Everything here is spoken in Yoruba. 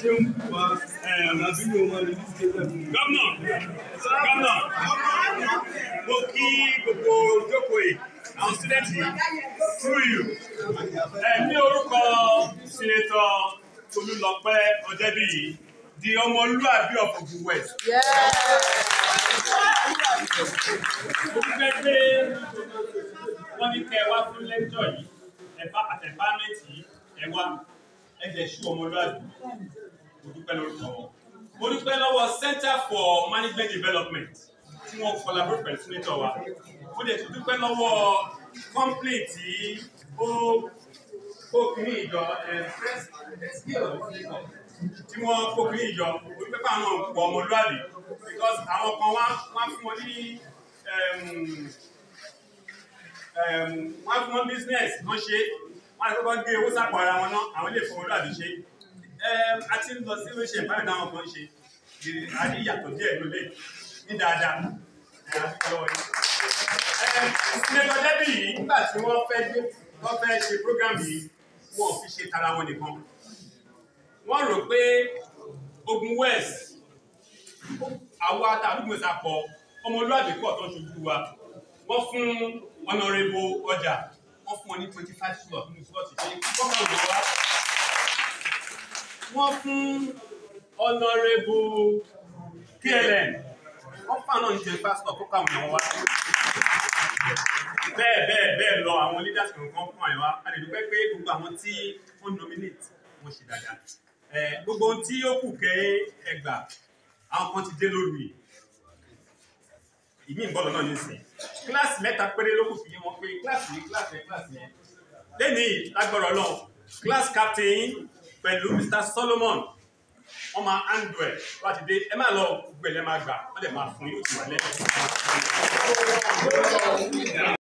ṣeun àbílẹ̀ ọmọ rẹ̀ ní ṣe lẹ́nu. gọ́mnà gọ́mnà mo kí gbogbo ìjókòó yìí àwọn sílẹ̀tì through you um, ní orúkọ sinetọ Olúlọpẹ́ Ọdẹ́bíyì di ọmọlúàbí of Ogun West. mo fẹ́ pé wọ́n ní kẹ́ ẹ wá fún lẹ́jọ́ yìí ẹ̀fà àtẹ̀fámẹ́tì yìí ẹ wá ẹ jẹ́ ṣú ọmọlúàbí mo dúpẹ́ lórúkọ wọn mo dúpẹ́ lọ́wọ́ center for management development tí wọ́n collaborate pẹ̀lú senator wa mo dẹ̀ tún dúpẹ́ lọ́wọ́ company tí ó kó kiri ìjọ eh, tí wọ́n kó kiri ìjọ orí pépà náà pọ̀ ọmọlúwàbí because àwọn kan wá fún wọn ní ehm, ehm, wọ́n fún wọn business wọ́n ṣe wọ́n àti wọ́n gbé owó sápò ara wọn náà àwọn ilé ìfowópamọ́ àbí ṣe a ti ń lọ sí oríṣi ìbáraẹni àwọn kan ṣe a ní ìyàtọ̀ díẹ̀ ló lè ní dáadáa sinetọ dẹbi yìí nígbà tí wọ́n fẹ́ gbé wọ́n fẹ́ ṣe program yìí wọ́n fi ṣe tara wọn nìkan wọ́n rò pé ogun west àwa tàbígbò sapọ ọmọlúwàbí pọ̀ tó ṣojú wa wọ́n fún ọ̀nàrẹ́bù ọjà wọ́n fún ọ ní twenty five slots nínú slots ṣe kọ́kọ́ lọ́wọ́ wọ́n fún ọ̀nàrẹ́bù pln wọ́n fún àwọn ìjẹ pásítọ̀ kó káwọn ẹ̀wọ̀n wá. bẹ́ẹ̀ bẹ́ẹ̀ bẹ́ẹ̀ lọ àwọn leaders kọ̀ọ̀kan fún àyẹ̀wò àdìdúpẹ́ pé gbogbo àwọn tí wọ́n nominate wọ́n ṣe dáadáa. gbogbo ohun tí ó kù kẹ́ ẹgbà àwọn kan ti dé lórí ìmí ìbọ̀lọ̀ náà ní sìn kíláàsì mẹ́ta péré ló kù fi yé wọn pé kíláàsì yìí kíláàsì yẹn kíláàsì yẹn lẹ́nìí lágbọ̀rọ̀ náà kíláàsì captain pẹ̀lú Mr Solomon wọ́n máa handle ẹ̀ láti dé ẹ má lọ gbẹ̀lẹ́ máa gbà wọ́n dẹ̀ máa fún yóò tì wá lẹ́yìn.